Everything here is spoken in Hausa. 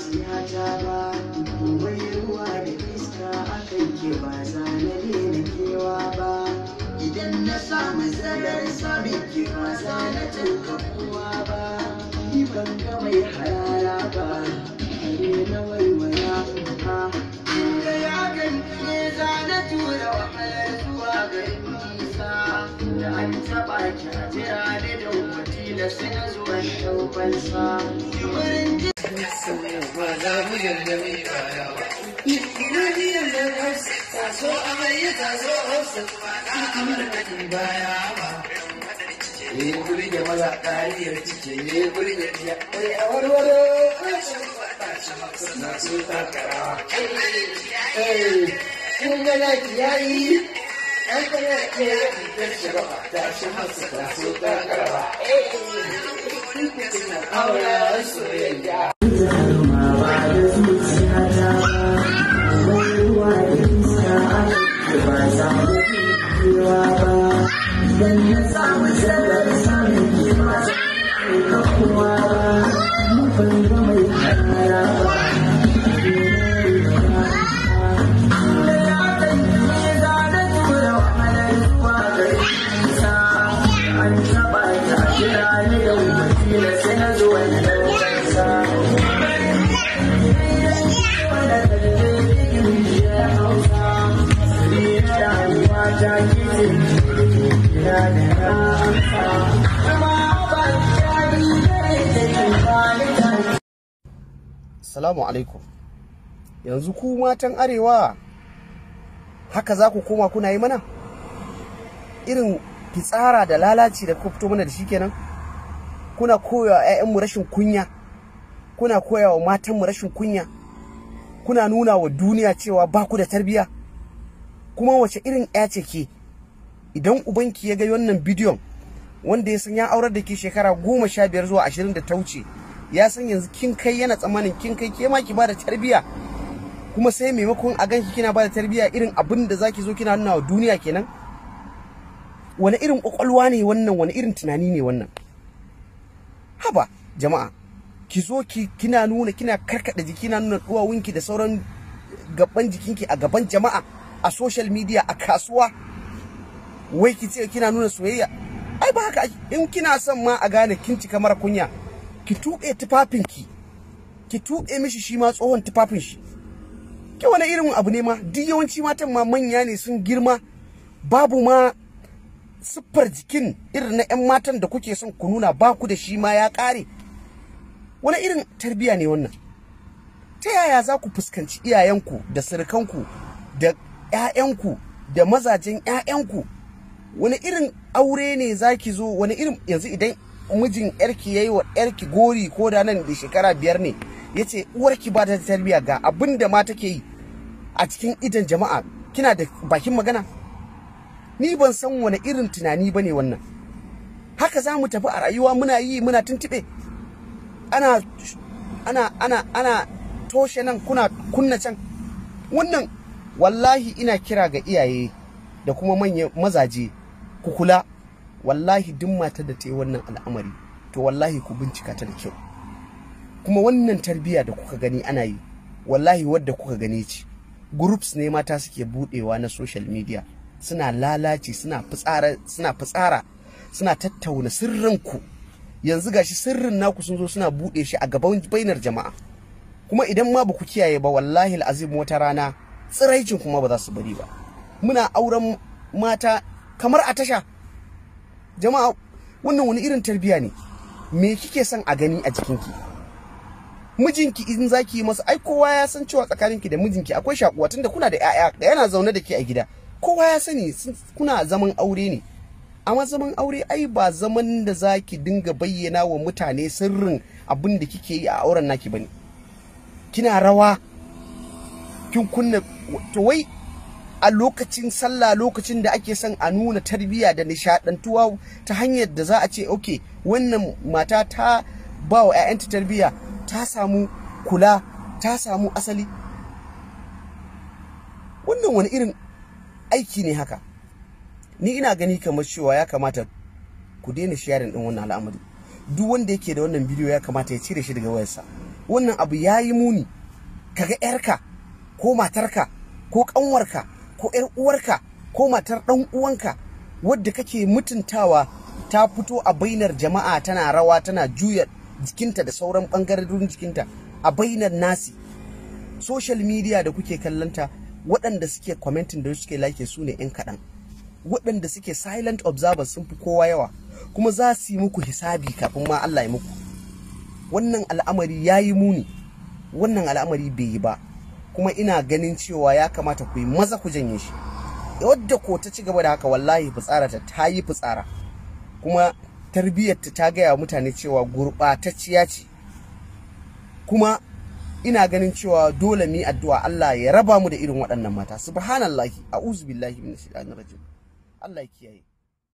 zuciyata ba wai ruwa da iska akan ke ba zane na kewa ba idan na samu tsadar samun ke ba zane tanka kowa ba ni ban ga mai haya Yeguri maza kariyar cike yeguri ya biya kai a warware masu takarawa. Kun ga laki yayi, an kana ke yi ta shi ba ta shi masu taso ta Oh, yes, we ya. Salamu alaikum yanzu ku matan arewa haka za ku koma kuna yi mana irin fitsara da lalaci da kuma fito mana da shi kenan kuna koya wa 'ya'yanmu rashin kunya kuna koya wa matanmu rashin kunya kuna nuna wa duniya cewa ba ku da tarbiyya kuma wace irin ya ce ke idan ubanki ya ga wannan bidiyon wanda ya san ya aurar da ke shekara goma sha biyar zuwa ashirin da ta wuce ya san yanzu kin kai yana tsammanin kin kai ke ma ki ba da tarbiyya kuma sai maimakon a ganki kina bada tarbiyya irin abin da zaki zo kina nuna wa duniya kenan wani irin kwakwalwa ne wannan wani irin tunani ne wannan haba jama'a ki zo ki kina nuna kina karkada jiki kina nuna duwawunki da sauran gaban jikinki a gaban jama'a a social media a kasuwa wai ki ce kina nuna soyayya ai ba haka in kina son ma a gane kin cika mara kunya ki tuɓe tufafin ki Ki tuɓe mishi shi ma tsohon tufafin shi ke wani irin abu ne ma duk yawanci matan ma manya ne sun girma babu ma siffar jikin irin na 'yan matan da kuke son ku nuna ba ku da shi ma ya kare. wani irin tarbiya ne wannan ta yaya za ku fuskanci iyayenku da surukanku da 'ya'yanku da mazajen 'ya'yanku wani irin aure ne za ki zo wani irin yanzu idan mijin yarki yi wa yarki gori ko da nan da shekara biyar ne ya yace uwarki ba ta tarbiya ga abin da ma take yi a cikin idan jama'a kina da bakin magana ni ban san wani irin tunani bane wannan haka za mu tafi a rayuwa muna yi muna tuntube ana ana toshe nan kuna kunna can wannan wallahi ina kira ga iyaye da kuma manyan mazaje ku kula wallahi duk matar da ta yi wannan al'amari to wallahi ku bincika ta da kyau kuma wannan tarbiyya da kuka gani ana yi wallahi wadda kuka gani ce groups ne mata suke budewa na social media suna lalaci suna fitsara suna fitsara suna tattauna sirrin ku yanzu gashi sirrin naku sun zo suna bude shi a gaban bainar jama'a kuma idan ma ba ku kiyaye ba wallahi al'azim wata rana tsiraicin kuma ba za su bari ba muna auren mata kamar a tasha jama'a wannan wani irin tarbiya ne me kike son a gani a jikinki mijinki in zaki yi masa ai kowa ya san cewa tsakaninki da mijinki akwai shakuwa tunda kuna da 'ya'ya da yana zaune da ke a gida kowa ya sani kuna zaman aure ne amma zaman aure ai ba zaman da zaki dinga bayyana wa mutane sirrin abin da kike yi a auren naki bane kina rawa kin kunna to wai a lokacin sallah lokacin da ake son a nuna tarbiyya da nishadantuwa ta hanyar da za a ce oke wannan mata ta ba wa 'ya'yanta tarbiyya ta samu kula ta samu asali wannan wani irin aiki ne haka ni ina gani kamar cewa ya kamata ku daina sharing din wannan al'amari duk wanda yake da wannan bidiyo ya kamata ya cire shi daga wayarsa wannan abu ya yi muni kaga 'yarka ko matarka ko ƙanwarka ko ƴar uwarka ko matar ɗan uwanka wadda kake mutuntawa ta fito a bainar jama'a tana rawa tana juya jikinta da sauran ɓangarorin jikinta a bainar nasi social media da kuke kallanta waɗanda suke commenting da suke like su ne 'yan kaɗan waɗanda suke silent observers sun fi kowa yawa kuma za su yi muku hisabi kafin ma Allah ya muku wannan al'amari ya yi muni wannan al'amari bai yi ba kuma ina ganin cewa ya kamata ku yi maza ku janye shi wadda ko ta ci gaba da haka wallahi fitsara ta yi fitsara kuma tarbiyyarta ta gaya mutane cewa gurɓatacciya ce kuma ina ganin cewa dole mu yi addu'a Allah ya raba mu da irin waɗannan mata subhanallahi a'udhu billahi minash shaitanir rajim Allah ya kiyaye